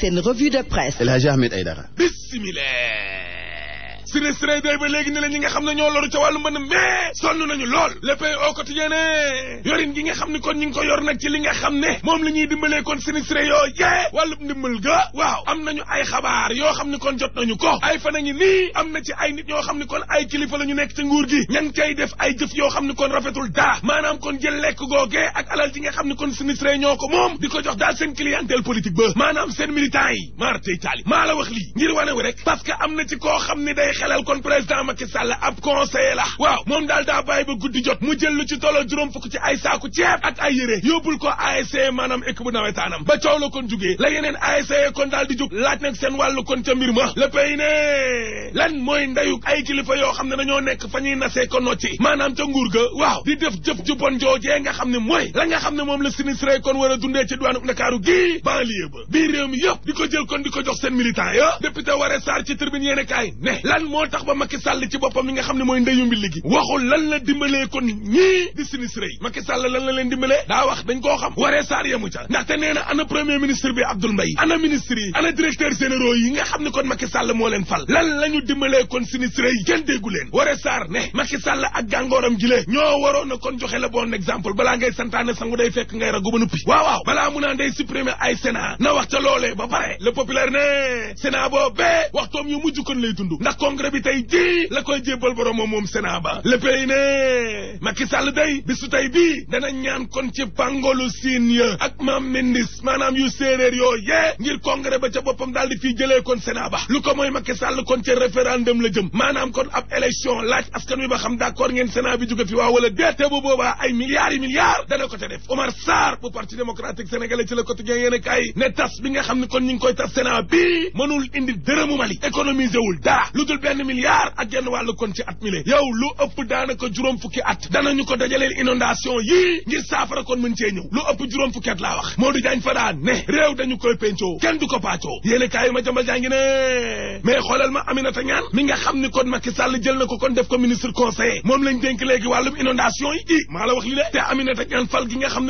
seen revue de presse. El sinistre yi day ba léegi ne la ñi nga xam ne ñoo loru ca wàllu mbënd mais sonn nañu lool le pays au ne yorin gi nga xam ne kon ñi ngi ko yor nag ci li nga xam ne moom la ñuy dimbalee kon sinistre yoo yee wàllub ndimbal ga waaw am nañu ay xabaar yoo xam ne kon jot nañu ko ay fan a ngi am na ci ay nit ñoo xam ne kon ay kilifa la ñu nekk ci nguur gi ña cay def ay jëf yoo xam ne kon rafetul daa maanaam kon jël lekk googee ak alal ji nga xam ne kon s ñoo ko moom di ko jox daal seen clientèle politique ba maanaam yi marte itaali maa la wax lii ngir wane rek parce que am na ci koo xam ne day xelal kon président Macky Sall ab conseiller la waaw moom daal daa bàyyi ba guddi jot mu jël lu ci tolloo juróom fukk ci ay saaku ceeb ak ay yére yóbbul ko ASC maanaam équipe bu nawetaanam ba coow la kon jugee la yeneen ASC kon daal di jug laaj nag seen wàllu kon ca mbir ma le ne lan mooy ndayu ay kilifa yoo xam ne dañoo nekk fa ñuy nasee ko nocci maanaam ca nguur ga waaw di def jëf ju bon nga xam ne mooy la nga xam ne moom la sinistré kon war a dundee ci diwaanu Ndakaaru gii banlieue mi di ko jël kon di ko jox seen militant ya député Waré Sarr ci tribune yéene moo tax ba Macky Sall ci boppam mi nga xam ne mooy ndeyu mbili gi waxul lan la dimbalee kon ñii di sinistré yi Macky Sall lan la leen dimbalee daa wax dañ koo xam waree saar yemu ca ndaxte nee na ana premier ministre bi Abdoul Mbaye ana ministre yi ana directeur généraux yi nga xam ne kon Macky Sall moo leen fal lan la ñu dimbalee kon sinistré yi kenn déggu leen waree saar ne Macky Sall ak gàngooram le ñoo waroon na kon joxe la bon exemple bala ngay santaane sangu day fekk ngay ragu ba nuppi wax ca loolee ba pare le populaire ne sénat boobu waxtoom yu mujj kon lay dund ndax congrès bi tey ji la koy jébbal moom moom Sénat ba le pays ne Macky Sall day kon ci pangolu siin ya ak maam ministre yoo yee ngir congrès daal di fii jëlee kon Sénat ba lu ko mooy Macky Sall kon ca référendum la jëm maanaam kon ab élection laaj askan wi ba xam d'accord ngeen Sénat bi jóge fi waa wala déet te bu ay milliards yi milliards dana ko ca def Omar Sarr bu parti démocratique sénégalais ci la quotidien yéen a ne tas bi nga xam ne kon ñu ngi koy tas Sénat bi mënul indi dërëmu Mali économiser wul dara lu dul benn milliard ak genn wàllu kon ci at mile yow lu ëpp daanaka juróom fukki at danañu ko dajaleel inondation yii ngir saafara kon mën cee ñëw lu ëpp juróom fukki at laa wax Modou Diagne Fada ne réew dañu koy pencoo kenn du ko paacoo yéene kaay ma jambal jaa ngi ne mais xoolal ma Aminata Ñaan mi nga xam ni kon Macky Sall jël na ko kon def ko ministre conseiller moom lañ dénk léegi wàllum inondation yi i maa la wax li de te Aminata Ñaan fal gi nga xam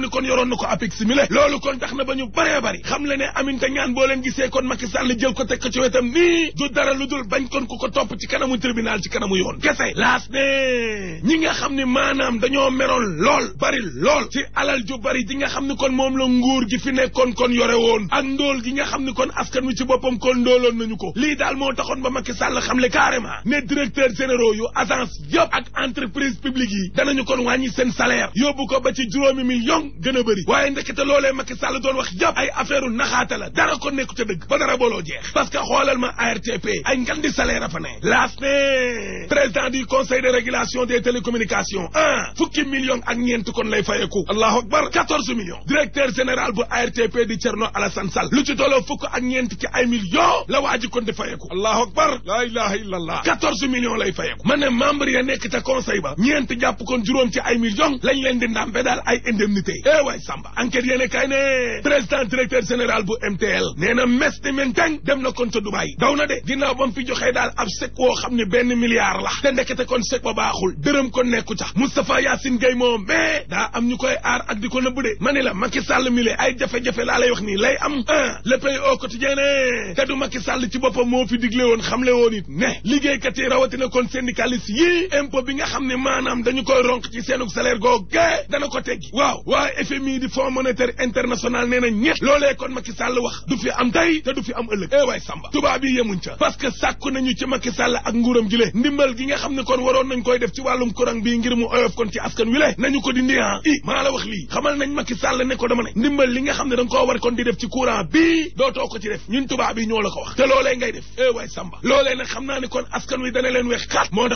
ni kon ko APEX loolu kon tax na ba ñu bëree bëri xam le ne aminte Ñaan boo leen gisee kon Macky Sall jël ko teg ko ci wetam nii du dara lu dul bañ kon ku ko topp ci kanamu tribunal ci kanamu yoon kese laas ne ñi nga xam ne maanaam dañoo meroon lool bari lool ci alal ju bari ji nga xam ne kon moom la nguur gi fi nekkoon kon yore woon ak ndóol gi nga xam ne kon askan wi ci boppam kon ndóoloon nañu ko lii daal moo taxoon ba Macky Sall xam le carrément ne directeur généraux yu agence yëpp ak entreprise publique yi danañu kon wàññi seen salaire yóbbu ko ba ci juróomi million gën a bëri waaye ndekete loolee Macky Sall doon wax yëpp ay affaire naxaate la dara ko nekku ca dëgg ba dara booloo jeex parce que xoolal ma ARTP ay ngandi salaire fa ne laas ne président du conseil de régulation des télécommunications ah fukki millions ak ñeent kon lay fayeku allahu akbar quatorze millions bu ARTP di Thierno Alassane Sall lu ci dooloo fukk ak ñeent ci ay millions la waa ji kon di fayeku allahu akbar laa ilaha illa allah quatorze lay fayeku ma ne membre ya nekk Bamba enquête yéene kay ne président directeur général bu MTL nee na mes ni menteng dem na kon ca Dubaay daw na de ginnaaw ba mu fi daal ab chèque woo xam ne benn milliard la te ndekete kon chèque ba baaxul dërëm kon nekku ca Moustapha Yacine Gueye moom mais eh, daa am ñu koy aar ak di ko nëbb de ma ni la Macky Sall mi le ay jafe-jafe laa lay wax nii lay am un le pays au quotidien ne te du Macky Sall ci boppam moo fi digle woon xamle woon it ne liggéeykat yi rawatina kon syndicaliste yii impôt bi nga xam ne maanaam dañu koy ronk ci seenug salaire googu dana ko ji fonds monétaire international nee na ñett loolee kon Macky Sall wax du fi am tey te du fi am ëllëg eewaay eh Samba tubaab yi yemuñ parce que sàkku nañu ci Macky Sall ak nguuram ji le ndimbal gi nga xam ne kon waroon nañ koy def ci wàllum courant bi ngir mu oyof kon ci askan wi le nañu ko dindi ah i maa la wax lii xamal nañ Macky Sall ne ko dama ne ndimbal li nga xam ne da nga koo war kon di def ci courant bii dootoo ko ci def ñun tubaab yi ñoo la ko wax te eh naa ne kon askan wi dana leen weex xaat moo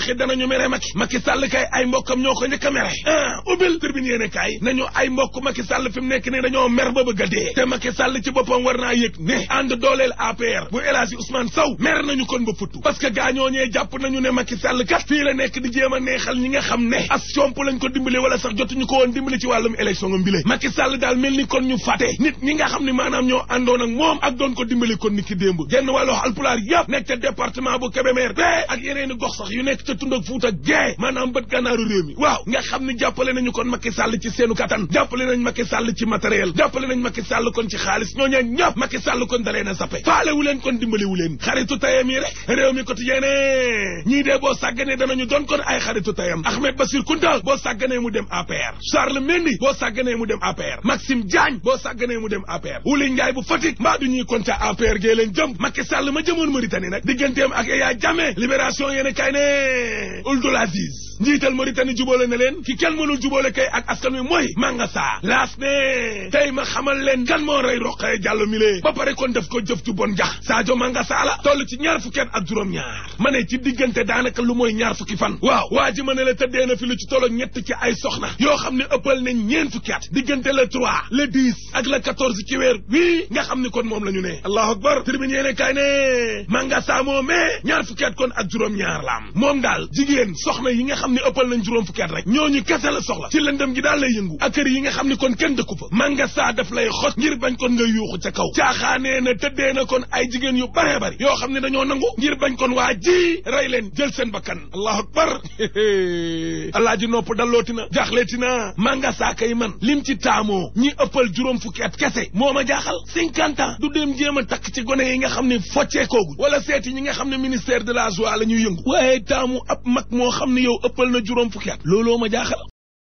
tax a Sall fi mu nekk nii dañoo mer ba bëgg a dee te Macky Sall ci boppam war naa yëg ne ànd dooleel APR bu El Hadji Ousmane mer nañu kon ba futtu parce que gaañoo ñee jàpp nañu ne Macky Sall kat fii la nekk di jéem a neexal ñi nga xam ne as comp lañ ko dimbale wala sax jotuñu ko woon dimbale ci wàllum élection nga mbile Macky Sall daal mel ni kon ñu fàtte nit ñi nga xam ne maanaam ñoo àndoon moom ak doon ko dimbale kon ni démb genn wàllu alpulaar yëpp nekk Sall ci matériel jàppale nañ Macky Sall kon ci xaalis ñooñeen ñëpp Macky Sall kon dalee na sappe faalewu leen kon dimbaliwu leen xaritu tayam yi rek réew mi quotidien ne ñii dee boo sàgganee danañu doon kon ay xaritu tayam Ahmed Bassir Kounta boo sàgganee mu dem APR Charles Mendy boo sàgganee mu dem APR Maxime Diagne boo sàgganee mu dem APR Wuli Ndiaye bu Fatick mbaa du ñuy kon ca APR gee leen jëm Macky Sall ma jëmoon Mauritanie nag digganteem ak Yaya Jammeh libération yéen a kay ne Ould Aziz njiital Mauritanie jubóole na leen ki kenn mënul jubóole kay ak askan wi mooy Manga Sarr laas tey ma xamal leen kan moo rey Rokhaya Diallo mile ba pare kon def ko jëf ju bon jax saajo Manga Sarr la toll ci ñaar fukki ak juróom-ñaar ma ne ci diggante daanaka lu mooy ñaar fukki fan waaw waa ji ma ne la tëddee na fi lu ci tolo ñett ci ay na yoo xam ne ëppal nañ ñeen fukki at diggante le 3 le 10 ak le 14 ci weer wii nga xam ni kon moom la ñu ne allahu akbar tribune yéene kaay ne Manga Sarr moomee ñaar kon ak juróom-ñaar la am moom daal jigéen xam ne ëppal nañ juróom fukki at rek ñooñu kese la soxla ci lëndëm gi daal lay yëngu ak kër yi nga xam ni kon kenn dëkku fa manga saa daf lay xos ngir bañ kon nga yuuxu ca kaw caaxaanee na tëddee na kon ay jigéen yu baree bari yoo xam ne dañoo nangu ngir bañ kon waa ji rey leen jël seen bakkan allahu akbar alaaji nopp dallooti na jaaxleeti na manga saa kay man lim ci taamoo ñi ëppal juróom fukki at kese moo ma jaaxal cinquante ans du dem jéem a takk ci gone yi nga xam ne foccee koogul wala seeti ñi nga xam ne ministère de la joie la ñuy yëngu waaye taamu ab mag moo xam ne yow ëpp ëppal na juróom fukki at looloo ma jaaxal